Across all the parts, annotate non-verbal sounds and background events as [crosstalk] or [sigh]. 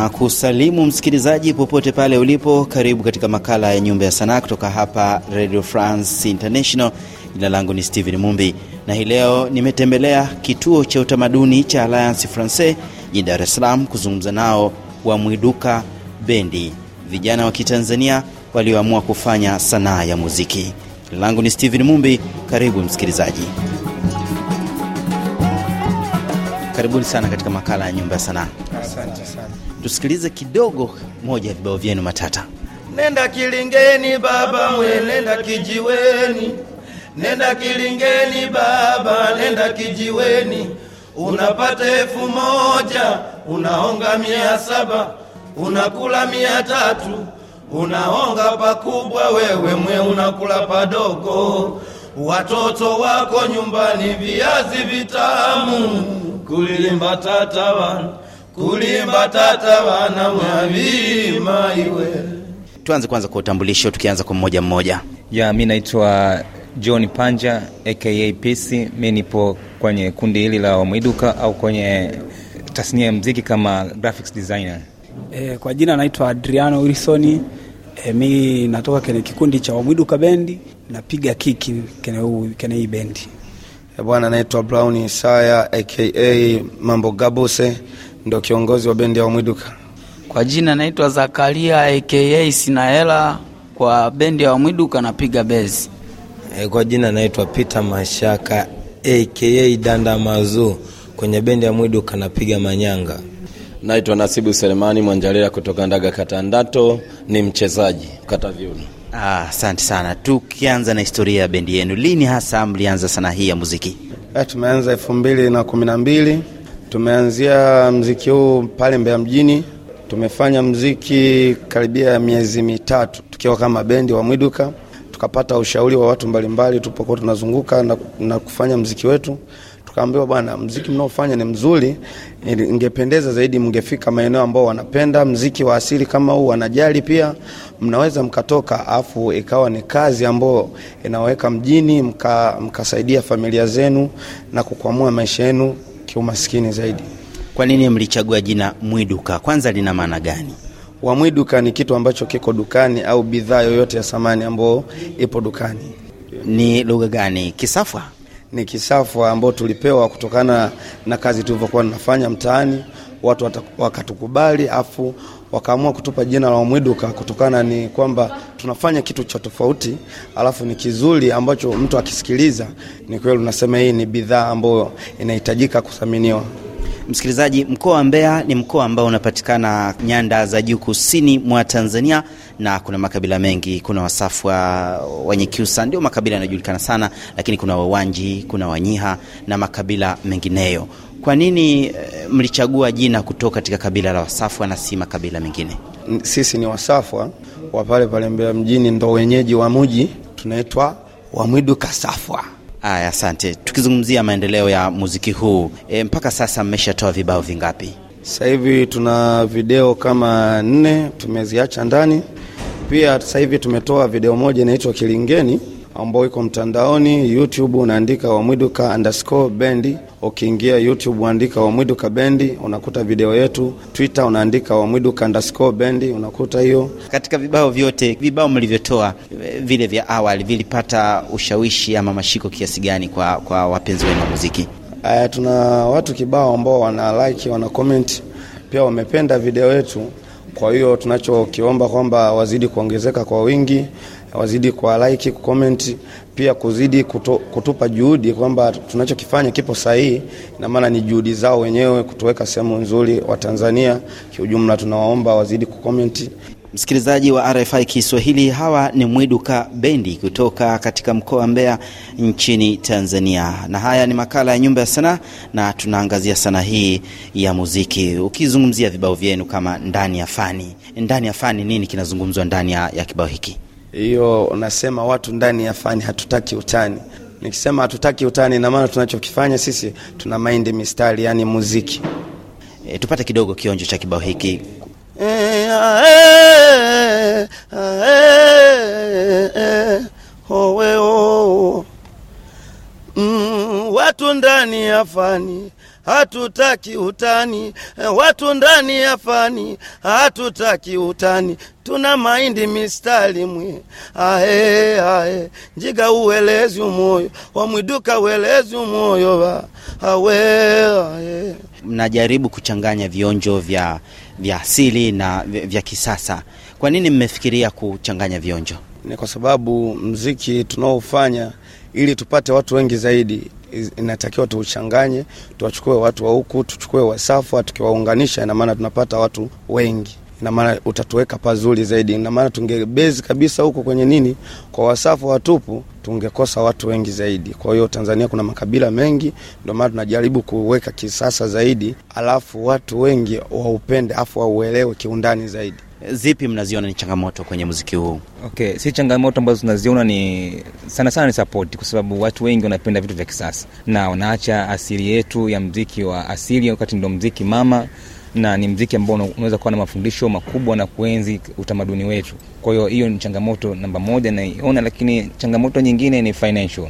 na kusalimu msikilizaji popote pale ulipo. Karibu katika makala ya Nyumba ya Sanaa kutoka hapa Radio France International. Jina langu ni stephen Mumbi na hii leo nimetembelea kituo cha utamaduni cha Alliance francais jijini Dar es Salaam kuzungumza nao wa Mwiduka Bendi, vijana wa Kitanzania walioamua kufanya sanaa ya muziki. Jina langu ni stephen Mumbi. Karibu msikilizaji. Karibuni sana katika makala ya Nyumba ya Sanaa. Asante tusikilize kidogo moja ya vibao vyenu matata. Nenda Kilingeni baba mwe, nenda kijiweni, nenda Kilingeni baba, nenda kijiweni, unapata elfu moja unaonga mia saba unakula mia tatu unaonga pakubwa, wewe mwe unakula padogo, watoto wako nyumbani, viazi vitamu kulilimba wana kulimba tata wana mwamima iwe. Tuanze kwanza kwa utambulisho, tukianza kwa mmoja mmoja. Ya, mi naitwa John Panja aka PC. Mi nipo kwenye kundi hili la Wamwiduka au kwenye tasnia ya mziki kama graphics designer. E, kwa jina naitwa Adriano Wilsoni. E, mi natoka kwenye kikundi cha Wamwiduka bendi, napiga kiki kwenye hii bendi. E, bwana naitwa Brown Isaya aka Mambo Gabose ndo kiongozi wa bendi ya Wamwiduka. Kwa jina naitwa Zakaria aka Sinaela, kwa bendi ya Wamwiduka napiga bezi. E, kwa jina naitwa Peter Mashaka aka Danda Mazu, kwenye bendi ya Mwiduka napiga manyanga. Naitwa Nasibu Selemani Mwanjalela kutoka Ndaga Katandato, ni mchezaji kata viuno. Ah, asante ah, sana. Tukianza na historia ya bendi yenu, lini hasa mlianza sanaa hii ya muziki? Eh, tumeanza elfu mbili na kumi na mbili Tumeanzia mziki huu pale Mbeya mjini. Tumefanya mziki karibia miezi mitatu tukiwa kama bendi wa Mwiduka, tukapata ushauri wa watu mbalimbali tupokuwa tunazunguka na, na kufanya mziki wetu tukaambiwa bwana, mziki mnaofanya ni mzuri, ingependeza zaidi mngefika maeneo ambao wanapenda mziki wa asili kama huu, wanajali pia, mnaweza mkatoka, afu ikawa ni kazi ambayo inaweka mjini, mkasaidia mka familia zenu na kukwamua maisha yenu kiumaskini zaidi. Kwa nini mlichagua jina Mwiduka? Kwanza lina maana gani? Wamwiduka ni kitu ambacho kiko dukani au bidhaa yoyote ya samani ambayo ipo dukani. Ni lugha gani? Kisafwa ni Kisafwa ambao tulipewa kutokana na kazi tulivyokuwa tunafanya mtaani watu wakatukubali, afu wakaamua kutupa jina la Wamwiduka kutokana ni kwamba tunafanya kitu cha tofauti, alafu ni kizuri ambacho mtu akisikiliza, ni kweli unasema hii ni bidhaa ambayo inahitajika kuthaminiwa. Msikilizaji, mkoa wa Mbeya ni mkoa ambao unapatikana nyanda za juu kusini mwa Tanzania na kuna makabila mengi. Kuna Wasafwa, kiusa ndio makabila yanayojulikana sana, lakini kuna Wawanji, kuna Wanyiha na makabila mengineyo. Kwa nini eh, mlichagua jina kutoka katika kabila la Wasafwa na si makabila mengine? Sisi ni Wasafwa wa pale pale Mbeya mjini, ndo wenyeji wa mji, tunaitwa Wamwidu Kasafwa. Aya, asante. Tukizungumzia maendeleo ya muziki huu e, mpaka sasa mmeshatoa vibao vingapi? Sasa hivi tuna video kama nne tumeziacha ndani. Pia sasa hivi tumetoa video moja inaitwa Kilingeni ambayo iko mtandaoni YouTube, unaandika Wamwiduka underscore bendi. Ukiingia YouTube unaandika Wamwiduka bendi, unakuta video yetu. Twitter unaandika Wamwiduka underscore bendi, unakuta hiyo. Katika vibao vyote, vibao mlivyotoa vile vya awali vilipata ushawishi ama mashiko kiasi gani kwa, kwa wapenzi wenu wa muziki? Aya, eh, tuna watu kibao ambao wana like, wana comment pia wamependa video yetu. Kwa hiyo tunachokiomba kwamba wazidi kuongezeka kwa wingi wazidi kwa like, kucomment pia kuzidi kuto, kutupa juhudi kwamba tunachokifanya kipo sahihi, na maana ni juhudi zao wenyewe kutuweka sehemu nzuri wa Tanzania kiujumla. Tunawaomba wazidi kucomment. Msikilizaji wa RFI Kiswahili, hawa ni Mwiduka Bendi kutoka katika mkoa wa Mbeya nchini Tanzania, na haya ni makala ya Nyumba ya Sanaa na tunaangazia sanaa hii ya muziki. Ukizungumzia vibao vyenu kama ndani ya fani, ndani ya fani, nini kinazungumzwa ndani ya kibao hiki? hiyo unasema watu ndani ya fani hatutaki utani. Nikisema hatutaki utani, na maana tunachokifanya sisi tuna maindi mistari, yani muziki. E, tupate kidogo kionjo cha kibao hiki eh, eh, eh, oh, oh. Mm, watu ndani ya fani hatutaki utani, eh, watu ndani ya fani, hatutaki utani, tuna mahindi mistari mwi ahe ahe, njiga uwelezi umoyo wamwiduka uwelezi umoyo wa awe ahe. Mnajaribu kuchanganya vionjo vya, vya asili na vya, vya kisasa. Kwa nini mmefikiria kuchanganya vionjo? Ni kwa sababu mziki tunaofanya ili tupate watu wengi zaidi inatakiwa tuuchanganye, tuwachukue watu wa huku, tuchukue Wasafa, tukiwaunganisha ina maana tunapata watu wengi ina maana utatuweka pazuri zaidi. Ina maana tungebezi kabisa huko kwenye nini, kwa wasafu watupu, tungekosa watu wengi zaidi. Kwa hiyo Tanzania kuna makabila mengi, ndio maana tunajaribu kuweka kisasa zaidi, alafu watu wengi waupende, afu wauelewe kiundani zaidi zipi mnaziona ni changamoto kwenye muziki huu? Okay, si changamoto ambazo tunaziona ni sana sana ni sapoti, kwa sababu watu wengi wanapenda vitu vya kisasa na wanaacha asili yetu ya mziki wa asili, wakati ndo mziki mama na ni mziki ambao unaweza kuwa na mafundisho makubwa na kuenzi utamaduni wetu. Kwa hiyo hiyo ni changamoto namba moja naiona, lakini changamoto nyingine ni financial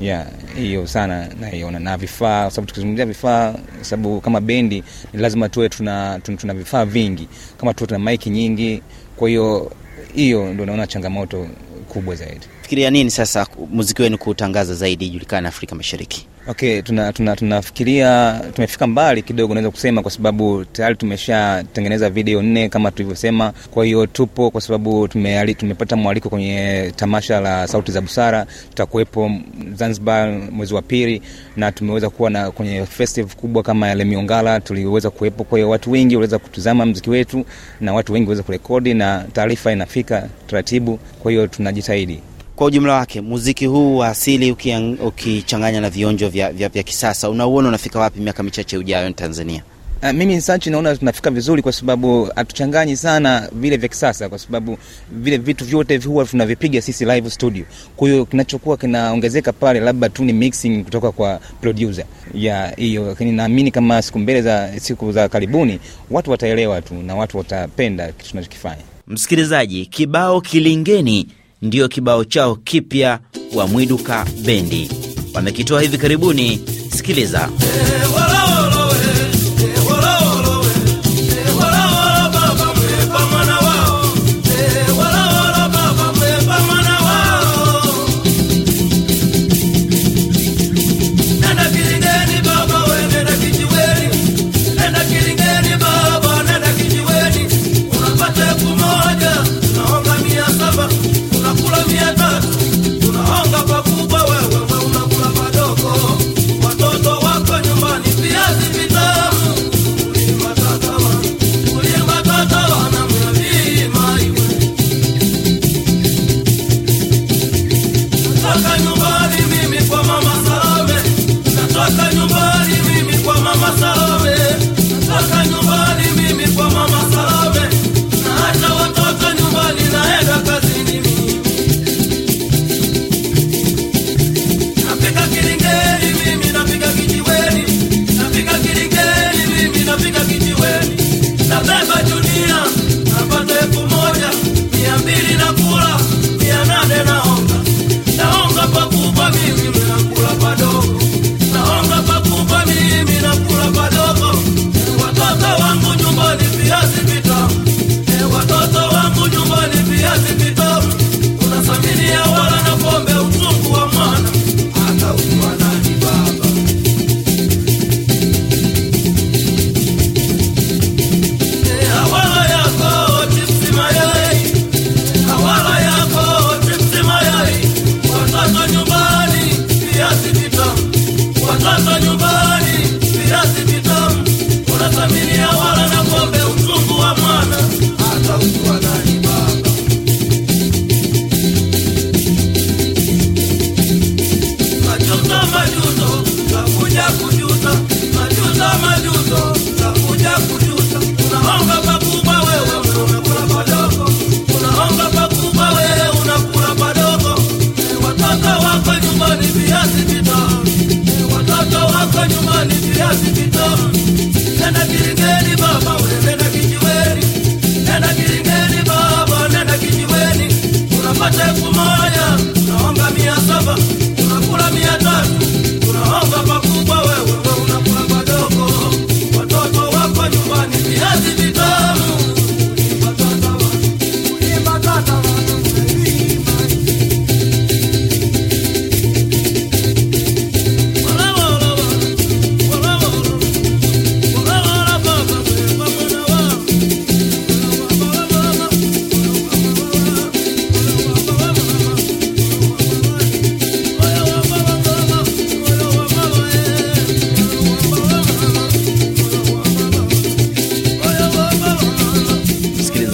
yeah, hiyo sana naiona na vifaa, sababu tukizungumzia vifaa, sababu kama bendi ni lazima tuwe tuna, tuna, tuna vifaa vingi, kama tuwe tuna maiki nyingi. Kwa hiyo hiyo ndo naona changamoto kubwa zaidi mnafikiria nini sasa muziki wenu kuutangaza zaidi ijulikana Afrika Mashariki? Okay, tunafikiria tuna, tuna tumefika mbali kidogo, naweza kusema kwa sababu tayari tumeshatengeneza video nne kama tulivyosema. Kwa hiyo tupo, kwa sababu tume, tumepata mwaliko kwenye tamasha la Sauti za Busara, tutakuwepo Zanzibar mwezi wa pili, na tumeweza kuwa na kwenye festival kubwa kama yale miongala tuliweza kuwepo. Kwa hiyo watu wengi waliweza kutuzama mziki wetu na watu wengi waweza kurekodi na taarifa inafika taratibu, kwa hiyo tunajitahidi. Kwa ujumla wake muziki huu wa asili ukichanganya na vionjo vya, vya, vya kisasa unauona unafika wapi miaka michache ujayo ni Tanzania? Uh, mimi sachi naona tunafika vizuri kwa sababu hatuchanganyi sana vile vya kisasa, kwa sababu vile vitu vyote huwa tunavipiga sisi live studio. Kwa hiyo kinachokuwa kinaongezeka pale labda tu ni mixing kutoka kwa producer ya hiyo, lakini naamini kama siku mbele za siku za karibuni watu wataelewa tu na watu watapenda kitu tunachokifanya. Msikilizaji, kibao kilingeni ndiyo kibao chao kipya Wamwiduka Bendi wamekitoa hivi karibuni. Sikiliza.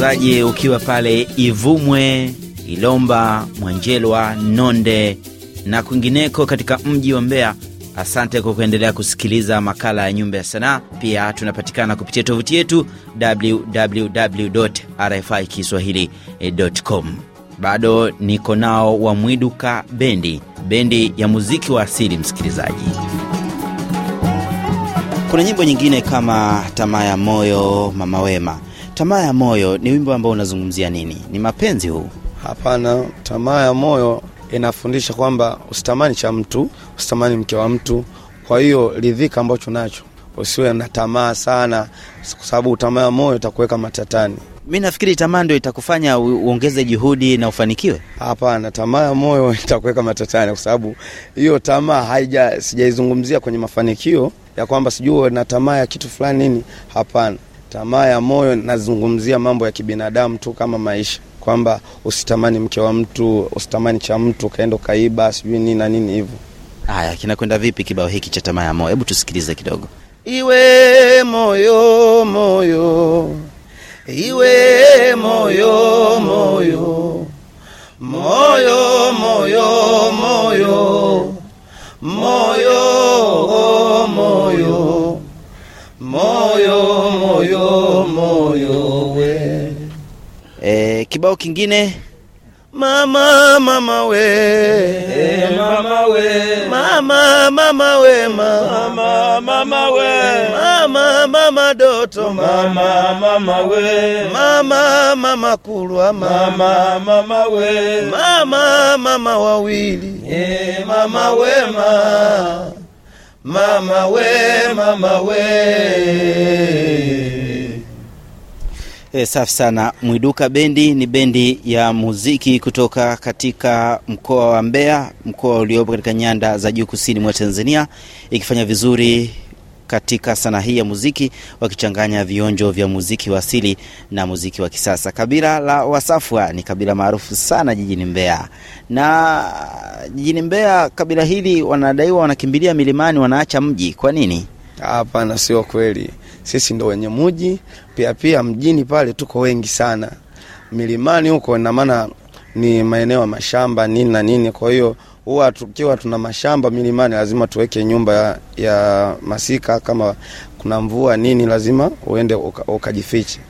msikilizaji, ukiwa pale Ivumwe, Ilomba, Mwanjelwa, Nonde na kwingineko katika mji wa Mbeya. Asante kwa kuendelea kusikiliza makala ya Nyumba ya Sanaa. Pia tunapatikana kupitia tovuti yetu www RFI kiswahilicom. Bado niko nao wa Mwiduka Bendi, bendi ya muziki wa asili. Msikilizaji, kuna nyimbo nyingine kama Tamaa ya Moyo, Mama Wema Tamaa ya moyo ni wimbo ambao unazungumzia nini? Ni mapenzi huu? Hapana, tamaa ya moyo inafundisha kwamba usitamani cha mtu, usitamani mke wa mtu. Kwa hiyo lidhika ambacho nacho, usiwe na tamaa sana, kwa sababu tamaa ya moyo itakuweka matatani. Mi nafikiri tamaa ndio itakufanya uongeze juhudi na ufanikiwe. Hapana, tamaa ya moyo [laughs] itakuweka matatani, kwa sababu hiyo tamaa haija, sijaizungumzia kwenye mafanikio ya kwamba sijui na tamaa ya kitu fulani nini. Hapana. Tamaa ya moyo, nazungumzia mambo ya kibinadamu tu kama maisha, kwamba usitamani mke wa mtu, usitamani cha mtu ukaenda ukaiba, sijui nini na nini hivyo. Haya, kinakwenda vipi kibao hiki cha tamaa ya moyo? Hebu tusikilize kidogo. Iwe moyo moyo, iwe moyo moyo, moyo moyo Kibao kingine Mama mama we eh, mama we mama mama we mama mama we mama mama doto mama mama we mama mama kulwa mama mama we mama mama wawili hey, eh, mama we mama we mama we E, safi sana. Mwiduka bendi ni bendi ya muziki kutoka katika mkoa wa Mbeya, mkoa uliopo katika nyanda za juu kusini mwa Tanzania, ikifanya vizuri katika sanaa hii ya muziki wakichanganya vionjo vya muziki wa asili na muziki wa kisasa. Kabila la Wasafwa ni kabila maarufu sana jijini Mbeya, na jijini Mbeya kabila hili wanadaiwa wanakimbilia milimani, wanaacha mji. Kwa nini? Hapana, sio kweli sisi ndo wenye muji pia. Pia mjini pale tuko wengi sana, milimani huko, na maana ni maeneo ya mashamba nini na nini. Kwa hiyo huwa tukiwa tuna mashamba milimani lazima tuweke nyumba ya, ya masika. Kama kuna mvua nini, lazima uende ukajifiche.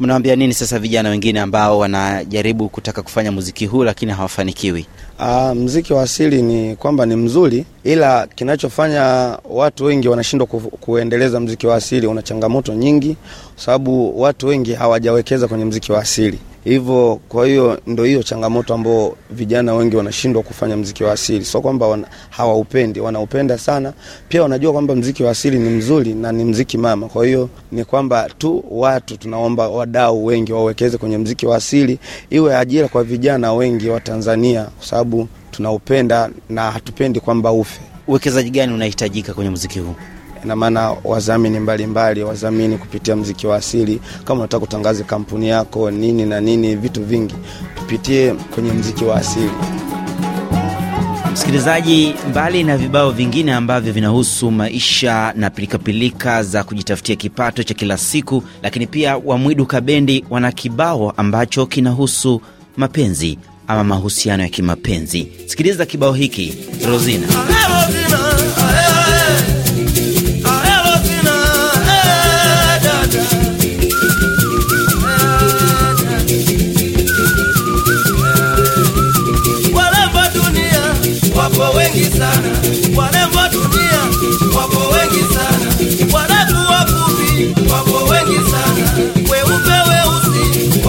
Mnawambia nini sasa vijana wengine ambao wanajaribu kutaka kufanya muziki huu lakini hawafanikiwi? Aa, ah, mziki wa asili ni kwamba ni mzuri, ila kinachofanya watu wengi wanashindwa ku, kuendeleza mziki wa asili una changamoto nyingi, sababu watu wengi hawajawekeza kwenye mziki wa asili hivyo. Kwa hiyo ndo hiyo changamoto ambao vijana wengi wanashindwa kufanya mziki wa asili, sio kwamba wana, hawaupendi, wanaupenda sana, pia wanajua kwamba mziki wa asili ni mzuri na ni mziki mama. Kwa hiyo ni kwamba tu watu tunaomba wadau wengi wawekeze kwenye mziki wa asili, iwe ajira kwa vijana wengi wa Tanzania, kwa sababu tunaupenda na hatupendi kwamba ufe. Uwekezaji gani unahitajika kwenye mziki huu? ina maana wadhamini mbalimbali, wadhamini kupitia mziki wa asili. Kama unataka kutangaza kampuni yako nini na nini, vitu vingi, tupitie kwenye mziki wa asili. Msikilizaji, mbali na vibao vingine ambavyo vinahusu maisha na pilikapilika za kujitafutia kipato cha kila siku, lakini pia Wamwidu Kabendi wana kibao ambacho kinahusu mapenzi ama mahusiano ya kimapenzi. Sikiliza kibao hiki Rozina.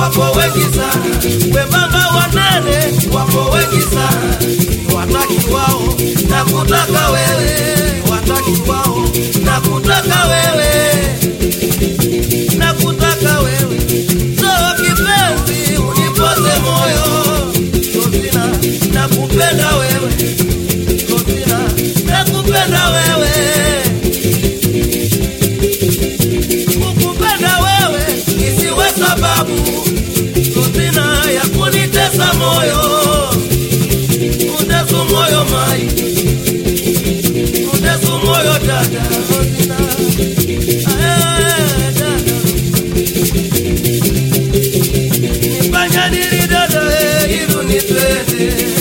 wapo wengi sana, webaba wanene wapo wengi sana, wanaki wao na kutaka wewe Kufanya nini dada, hey, hivyo ni twende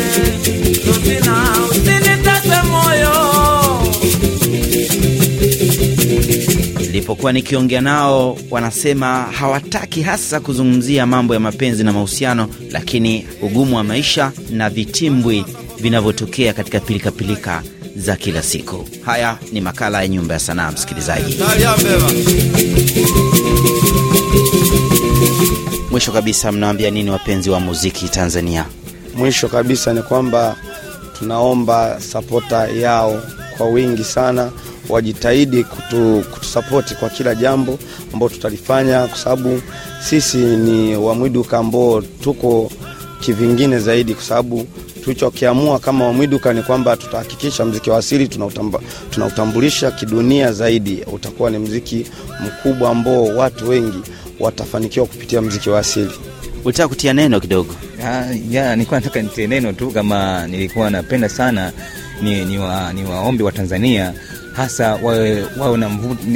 nilivyokuwa nikiongea nao wanasema hawataki hasa kuzungumzia mambo ya mapenzi na mahusiano, lakini ugumu wa maisha na vitimbwi vinavyotokea katika pilikapilika -pilika za kila siku. Haya ni makala ya Nyumba ya Sanaa, msikilizaji. Mwisho kabisa, mnawambia nini wapenzi wa muziki Tanzania? Mwisho kabisa ni kwamba tunaomba sapota yao kwa wingi sana wajitahidi kutu, kutusapoti kwa kila jambo ambao tutalifanya, kwa sababu sisi ni Wamwiduka ambao tuko kivingine zaidi, kwa sababu tulichokiamua kama Wamwiduka ni kwamba tutahakikisha mziki wa asili tunautambulisha kidunia zaidi, utakuwa ni mziki mkubwa ambao watu wengi watafanikiwa kupitia mziki wa asili. Ulitaka kutia neno kidogo? Ah, ya, nilikuwa nataka nitie neno tu, kama nilikuwa napenda sana ni, ni, wa, ni wa Tanzania hasa wawe, wawe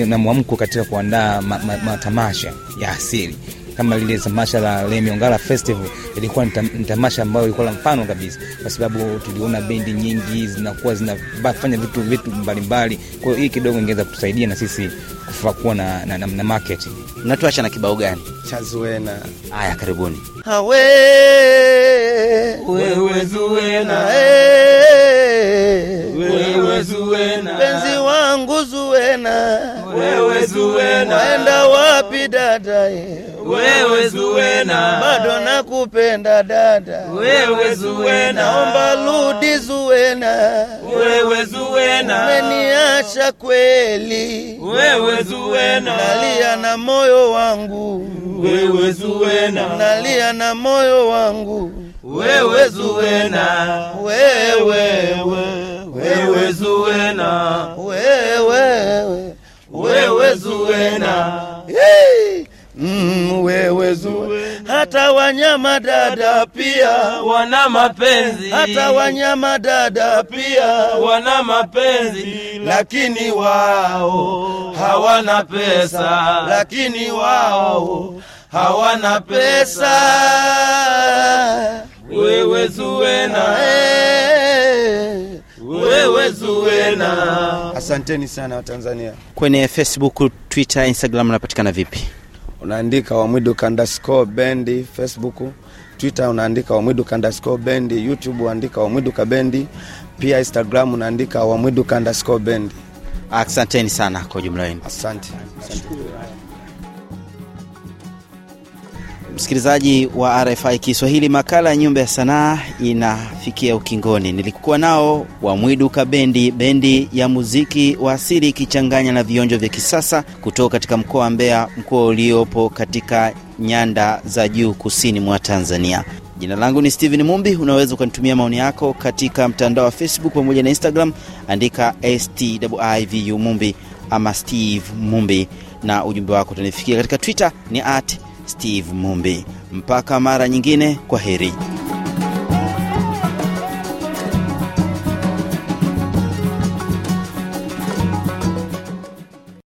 na, mwamko katika kuandaa matamasha ma, ma, ya asili kama lile tamasha la lemiongala Festival ilikuwa ni tamasha ambayo ilikuwa la mfano kabisa, kwa sababu tuliona bendi nyingi zinakuwa zinafanya vitu vitu mbalimbali. Kwa hiyo hii kidogo ingeweza kutusaidia na sisi kufa kuwa na, na, na, na market. Mnatuacha na kibao gani cha Zuena? Haya, karibuni. Hawe wewe Zuena, wewe Zuena, penzi wangu Zuena, wewe Zuena, enda wapi? Sikuachi dada, wewe Zuena, bado nakupenda dada, wewe Zuena, naomba rudi Zuena. wewe Zuena, umeniacha kweli, wewe Zuena, nalia na moyo wangu, wewe Zuena, nalia na moyo wangu, wewe Zuena, wewe wewe Zuena, wewe wewe Zuwena hey! Mm, wewe hata wanyama dada pia wana mapenzi, hata wanyama dada pia wana mapenzi, lakini wao hawana pesa, lakini wao hawana pesa. Wewe zue na hey! wewe zuena. Asanteni sana Watanzania. Kwenye Facebook, Twitter, Instagram unapatikana vipi? Unaandika Wamwidu underscore bendi Facebook, Twitter unaandika Wamwidu underscore bendi, YouTube unaandika Wamwidu kabendi, pia Instagram unaandika Wamwidu underscore bendi. Asanteni sana kwa ujumla wenu. Asante, asante msikilizaji wa RFI Kiswahili, makala ya Nyumba ya Sanaa inafikia ukingoni. Nilikuwa nao wamwiduka bendi bendi ya muziki wa asili ikichanganya na vionjo vya kisasa kutoka katika mkoa wa mbea mkoa uliopo katika nyanda za juu kusini mwa Tanzania. Jina langu ni stephen Mumbi. Unaweza ukanitumia maoni yako katika mtandao wa Facebook pamoja na Instagram, andika Stivu Mumbi ama Steve Mumbi, na ujumbe wako utanifikia. Katika Twitter ni at Steve Mumbi. Mpaka mara nyingine, kwa heri.